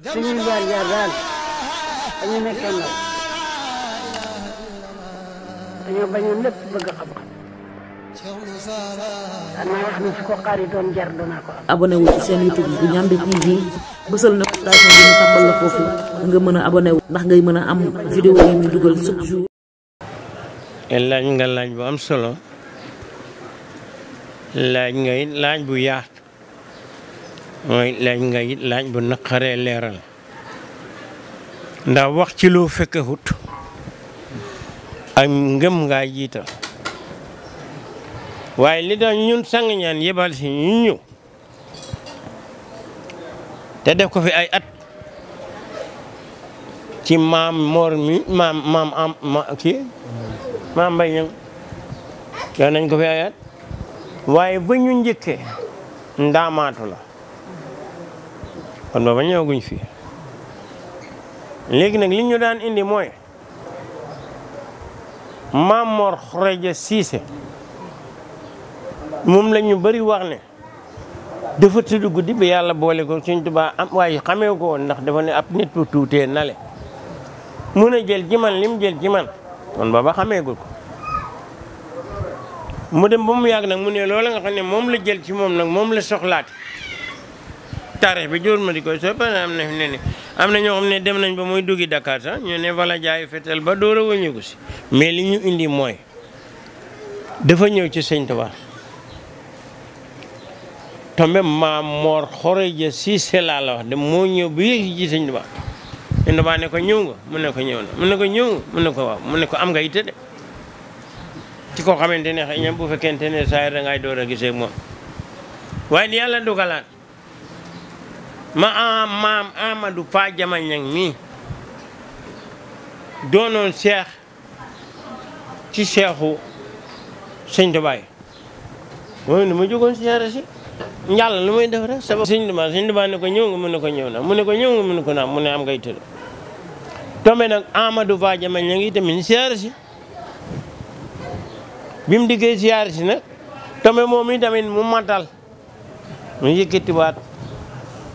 Seni var ya, Ini mekan. Ini banyak lepp bëgg xam. Abonné wu ci seen YouTube bu Ndiamé TV bëssal na station bi ñu tabal la fofu nga mëna abonné wu ndax ngay mëna am vidéo yi ñu duggal chaque jour. nga bu am solo. Laaj nga bu mooy laaj nga laaj bu naqaree leeral ndax wax ci loo fekkewut ak ngëm ngaa jiital waaye li tax ñun sang ñaan yebal si ñu ñëw te def ko fi ay at ci maam moor mi maam maam am ma kii nañ ko fi ay at waaye ba ñu njëkkee ndaamaatu la kon booba ñëwaguñ fi léegi nag li ñu daan indi mooy Maam Mor Khouradia Cissé moom la ñu bari wax ne dafa tudd guddi bi yàlla boole ko suñ tubaa waaye xamee ko woon ndax dafa ne ab nit bu tuutee nale mun a jël ci man lim jël ci man kon booba xameegul ko mu dem ba mu yàgg nag mu ne loola nga xam ne moom la jël ci moom nag moom la soxlaat taarix bi joor ma di ko soo pare am na fi ne am na ñoo xam ne dem nañ ba muy duggi Dakar sax ñu ne wala jaay fetel ba door a wëññeeku si mais li ñu indi mooy dafa ñëw ci sëñ Tuubaa tombe maam Mor Xoroja Siise laa la wax de moo ñëw bu yéeg ci sëñ Tuubaa sëñ Tuubaa ne ko ñëw nga mu ne ko ñëw na ko ñëw nga mu ne ko waaw mu ne ko am nga yitte de ci koo xamante ne xëy na bu fekkente ne saa yi da ngay door a gisee moom waaye yàlla dugalaat ma maam Amadou Fa Jamal Ñang mii doonoon seex ci seexu sëñ Tuubaa yi mooy nu may def rek sëñ Tuubaa ko ñëw nga mu ko ñëw na mu ne ñëw nga mu ne ko am ngay tëdd tombe nag Amadou Fa diggee siyaare si nag tombe moom itamit mu matal mu yëkkatiwaat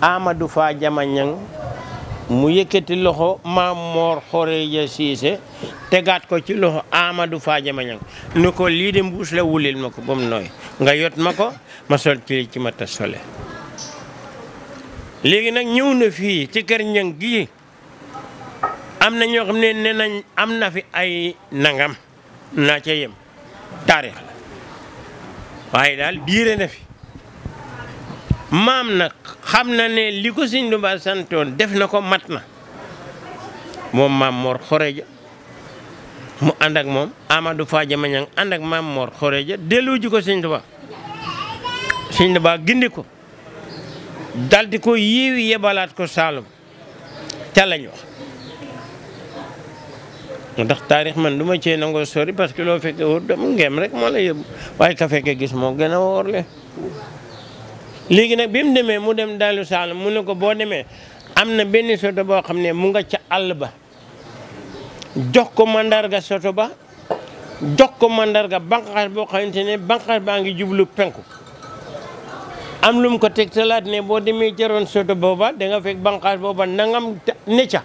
Amadou Fa Diamagnane mu yëkkati loxo maam Mor Khoreja Cissé tegaat ko ci loxo Amadou Fa Diamagnane ni ko lii de mbuus la wulil ma ko ba mu nooy nga yot ma ko ma sol ci ci ma tas sole léegi nag ñëw na fii ci kër ñang gii am na ñoo xam ne nee nañ am na fi ay nangam naa ca yem taarix la waaye daal biire na fi maam nag xam na ne li ko sëñ Tuubaa santoon def na ko mat na moom maam Mor Xoreja mu ànd ak moom Amadou Fadja Mañang ànd ak maam Mor Xoreja dellu ji ko sëñ Tuubaa sëñ Tuubaa gindi ko dal ko yiwi yebalaat ko Saalum ca lañ wax taarix man du ma cee nangoo sori parce que loo fekkee wóor dama ngeem rek moo la yóbbu waaye ka fekkee gis moo gën a wóor le léegi nag bi mu demee mu dem Daaru Salaam mun na ko boo demee am na benn soto boo xam ne mu nga ca àll ba jox ko mandarga soto ba jox ko mandarga banqaas boo xamante ne banqaas baa ngi jublu penku am lu ko teg talaat ne boo demee jaroon soto booba danga nga fekk banqaas booba nangam ne ca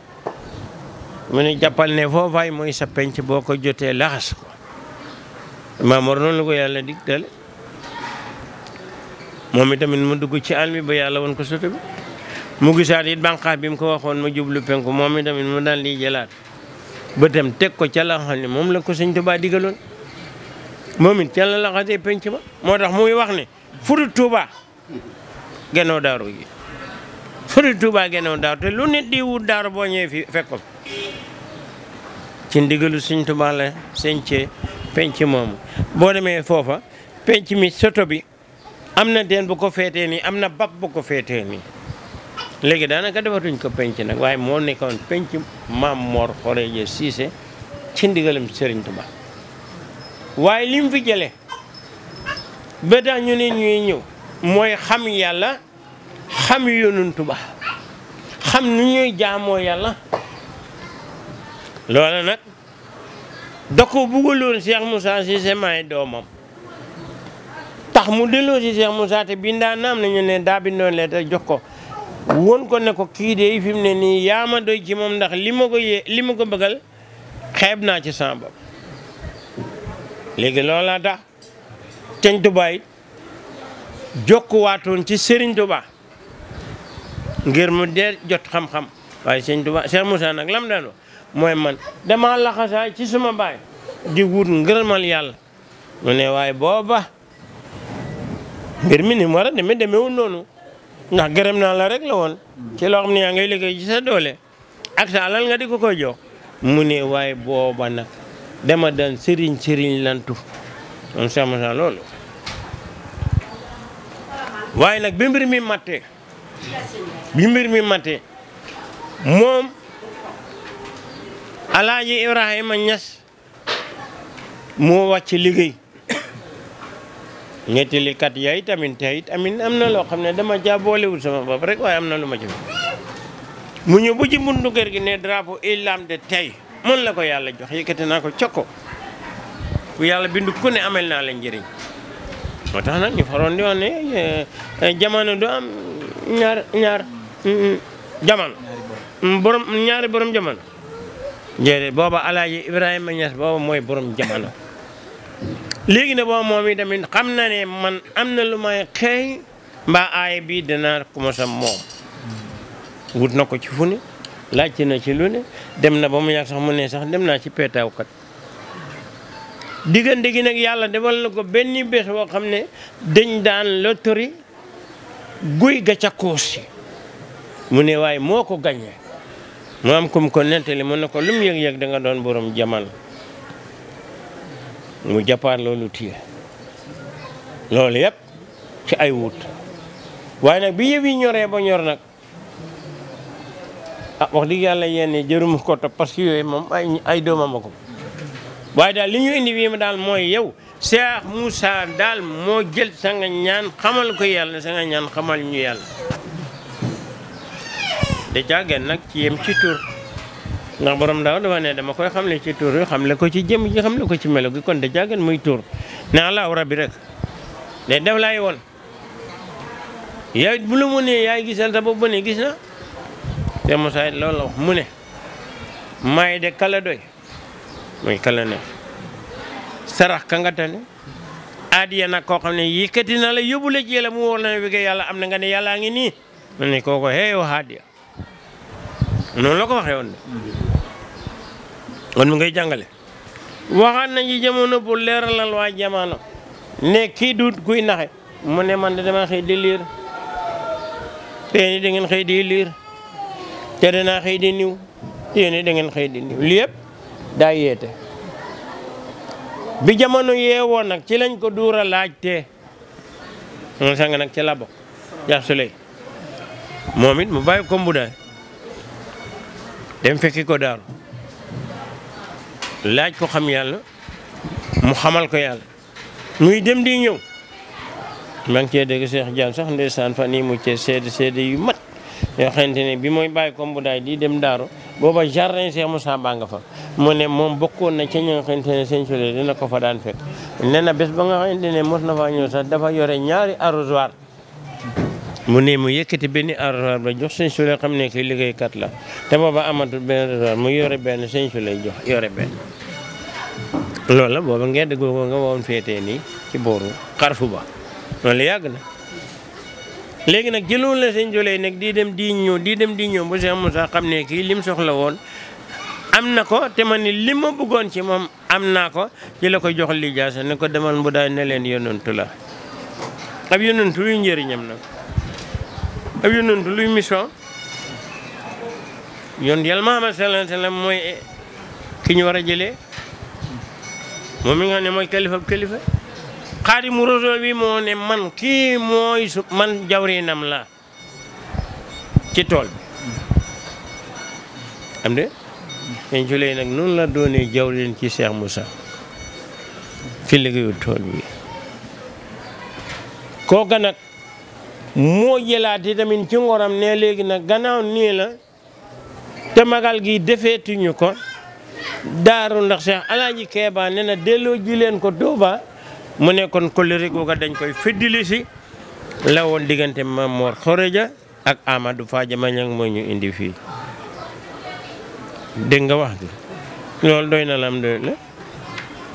mu ne jàppal ne foofaay mooy sa penc boo ko jotee laxas ko maamoor noonu la ko yàlla digtale moom itamit mu dugg ci àll bi ba yàlla woon ko soto bi mu gisaat it bànqaas bi mu ko waxoon ma jublu penku moom itamit mu daal di ba bëtam teg ko ca la xam moom la ko sëñ Tuubaa digaloon moom it ca la la penc ba moo tax muy wax ne furu Tuubaa gennoo daaru yi furu Tuubaa gennoo daaru te lu nit di wut daaru boo ñëwee fi fekk ko ci ndigalu sëñ la sëñ ci penc moomu boo demee foofa penc mi soto bi am na teen bu ko feetee nii am na bab bu ko feetee nii léegi daanaka defatuñ ko penc nag waaye moo nekkoon penc maam Mor Khoreja Cissé ci ndigalam Serigne Touba waaye lim fi jëlee ba ñu ne ñuy ñëw mooy xam yàlla xam yonun Touba xam nu ñuy jaamoo yàlla loola nag da ko bëggaloon Cheikh Moussa Cissé maay doomam. tax mu delloo si Cheikh Moussa te bindaa naam na ñu ne daa bindoon lettre jox ko won ko ne ko kii de fi mu ne nii yaama doy ci moom ndax li ma ko yee li ma ko bëggal xeeb naa ci sama léegi loolaa tax Sëñ Tuubaa it jokkuwaatoon ci Sëriñ Tuubaa ngir mu dee jot xam-xam waaye Sëñ Tuubaa Cheikh Moussa nag lam daan wax mooy man dama laxasaay ci suma baay di wut ngërëmal yàlla waaye booba Birmi ni mu ni mede demee nonu na gerem na la rek la woon ci loo xam ne ngay liggéey ci sa ak sa alal nga di ko koy jox mu ne waaye booba sirin dama lan tu sëriñ lantu moom sa loolu waaye nag bi mbir mi mattee bi mbir mi mattee ira alaaji Ibrahima Ñas moo wàcc nettalikat yaay tamit tey tamit am na loo xam ne dama jaaboolewul sama bopp rek waaye am na lu ma ci mu ñëw bu ci buntu kër gi ne drapeau islam de tey mën la ko yàlla jox yëkkati naa ko cokko yàlla bindu ku ne amel naa la njëriñ moo tax nag ñu faroon di wax ne eh, eh, jamono du am ñaar ñaar mm, mm, jamono mm, borom ñaari borom jamono jërëjëf booba alaaji Ibrahima Niass booba mooy borom jamono léegi ne boobu moom itamit xam na ne man am na lu may xëy mbaa aay bii dana ko mos a moom wut na ko ci fu ne laajte na ci lu ne dem na ba mu yàgg sax mu ne sax dem naa ci peetaawkat diggante gi nag yàlla defal na ko benn bés boo xam ne dañ daan lotori guy ga ca kuus mu ne waaye moo ko gañe mu am kum ko nettali mu ne ko lu mu yëg-yëg da nga doon borom jamono mu jàppaar loolu téye loolu yëpp ci ay wut waaye nag bi yëf yi ñoree ba ñor nag a ah, wax dëgg yàlla yenn jëruma ko topp parce que yooyu moom ay doomam a ko waaye daal li ñu indi wi daal mooy yow Cheikh Moussa daal moo jël sa nga ñaan xamal ko yàlla sa nga ñaan xamal ñu yàlla da caa nag ci yem ci tur ndax borom ndaw dama ne dama koy xamle ci tour yi xamle ko ci jëm ji xamle ko ci melo gi kon da jagan muy tour na la aw rabi rek ne def lay won yaay bu lu mu ne yaay gisal ta bo bone gis na te mo say lol wax mu ne may de kala doy muy kala ne sarax ka nga tane aadiya nag koo xam ne na la yobule ci yàlla mu wóor la ne bi yàlla nga ne yalla ngi ni ne kooko hey wax oh, non la ko kon mu ngay jàngale waxan nañ ci jamono pour leeralal wa jamono ne ki dut guy naxé mu ne man dama xëy di liir teeni da ngeen xëy di liir te danaa xëy di niw teeni da ngeen xëy di niw li yëpp da yété bi jamono yéwo nak ci lañ ko laaj té sang nak ci la ya mu bay ko mbuda dem fekki ko daaru laaj ko xam yàlla mu xamal ko yàlla muy dem di ñëw maa ngi cee dégg Cheikh Diagne sax ndeysaan fan ni mu cee seede seede yu mat yoo xamante ne bi mooy bàyyi ko mbudaay di dem daaru booba jardin Cheikh mu baa nga fa mu ne moom bokkoon na ca ñi nga xamante ne dina ko fa daan fekk nee na ba nga xamante ne mos na ñëw sax dafa yore ñaari arrosoir mu nii mu yëkkati benn arrosoir ba jox sëñ Souley xam ne kii liggéeykat la te booba amatul benn arrosoir mu yore benn sëñ Souley jox yore benn. loolu la booba ngedd googu nga woon féetee nii ci booru xarfu ba loolu yàgg na léegi nag jëloon la sëñ Souley nag di dem di ñëw di dem di ñëw bu Cheikh Moussa xam ne kii lim soxla woon. am na ko te ma ni li ma bëggoon ci moom am naa ko ci la ko jox lijaasa ne ko demal mu daal ne leen yonantu la ab yonantu njëriñam nag ab yonent luy mission yoon yàlla mama sallallahu alaihi wasallam moy eh, ki ñu wara jëlé jëlee mi nga ne moy kalifa kalifa qadim rasul bi mo ne man kii moy su man jawrinam la ci tol am de en ci nak non la doone jawrin ci Cheikh Moussa fi liggéeyu tool bi kooka nak moo jëlaat yi tamit ci ngoram ne léegi nag gannaaw nii la te magal gi defeetuñu ko daaru ndax Cheikh Alaaji Keeba ne na delloo ji leen ko Tuuba mu nekkoon kolëre googa dañ koy feddili si la woon diggante Mamor Xoreja ak Amadou Fadja Mañang moo ñu indi fii dégg nga wax bi loolu doy na lam doy la